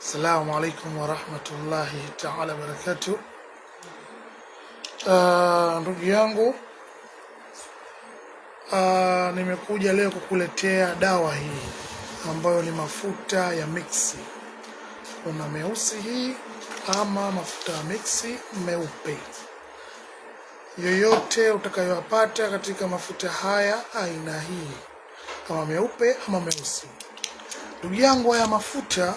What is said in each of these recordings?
Assalamu alaikum warahmatullahi taala wabarakatuh. Uh, ah, ndugu yangu uh, nimekuja leo kukuletea dawa hii ambayo ni mafuta ya mixi Kuna meusi hii ama mafuta ya mixi meupe, yoyote utakayoyapata katika mafuta haya aina hii, kama meupe ama meusi. Ndugu yangu, haya mafuta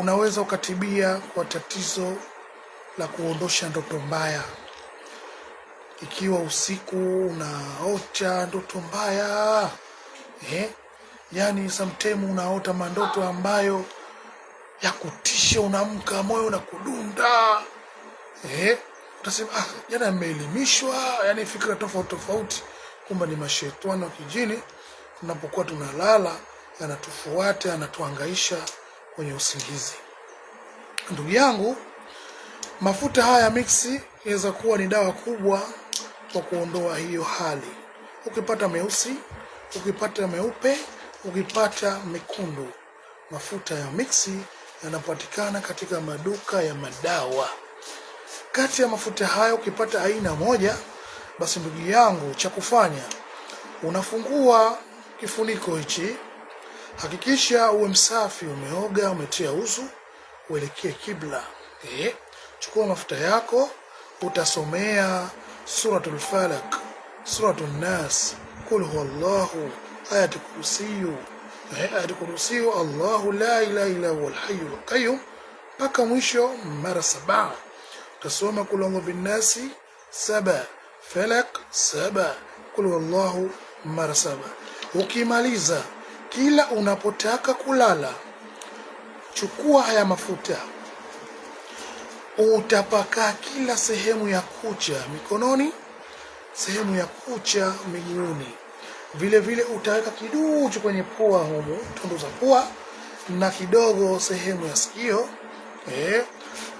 unaweza ukatibia kwa tatizo la kuondosha ndoto mbaya. Ikiwa usiku unaota ndoto mbaya eh, yani sometimes unaota mandoto ambayo ya kutisha, unaamka moyo na kudunda eh, utasema ah, jana yaani nimeelimishwa, yani fikira tofauti tofauti, kumbe ni mashetani wa kijini. Tunapokuwa tunalala, yanatufuata yanatuangaisha kwenye usingizi. Ndugu yangu, mafuta haya miksi inaweza kuwa ni dawa kubwa kwa kuondoa hiyo hali. Ukipata meusi, ukipata meupe, ukipata mekundu, mafuta ya miksi yanapatikana katika maduka ya madawa. Kati ya mafuta hayo ukipata aina moja, basi ndugu yangu, cha kufanya unafungua kifuniko hichi Hakikisha uwe msafi, umeoga, umetia uzu, uelekee kibla. Eh, chukua mafuta yako, utasomea Suratul Falak, Suratul Nas, Kul huwallahu, Ayatul Kursiyu, eh, Ayatul Kursiyu, Allahu la ilaha illa huwa alhayyul qayyum, mpaka mwisho mara saba. Utasoma Kul huwallahu binnasi saba, Falak saba, Kul huwallahu mara saba. Ukimaliza kila unapotaka kulala, chukua haya mafuta, utapakaa kila sehemu ya kucha, mikononi, sehemu ya kucha, miguuni. Vile vile utaweka kiduchu kwenye pua, humo tundu za pua na kidogo sehemu ya sikio eh.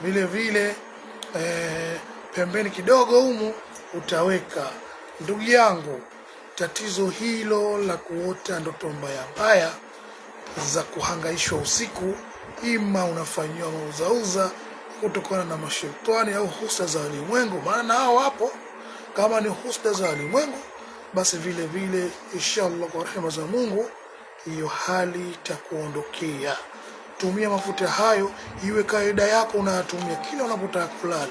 Vile vile eh, pembeni kidogo humu utaweka, ndugu yangu tatizo hilo la kuota ndoto mbaya mbaya za kuhangaishwa usiku, ima unafanyiwa mauzauza kutokana na mashetani au husda za walimwengu, maana hao wapo. Kama ni husda za walimwengu, basi vile vile inshallah, kwa rehema za Mungu, hiyo hali itakuondokea. Tumia mafuta hayo, iwe kaida yako unayatumia kila unapotaka kulala.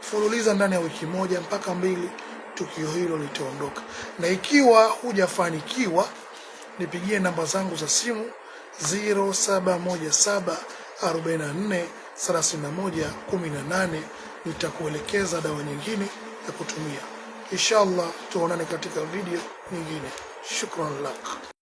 Fululiza ndani ya wiki moja mpaka mbili tukio hilo litaondoka. Na ikiwa hujafanikiwa, nipigie namba zangu za simu 0717443118 nitakuelekeza dawa nyingine ya kutumia. Inshallah, tuonane katika video nyingine. Shukran lak.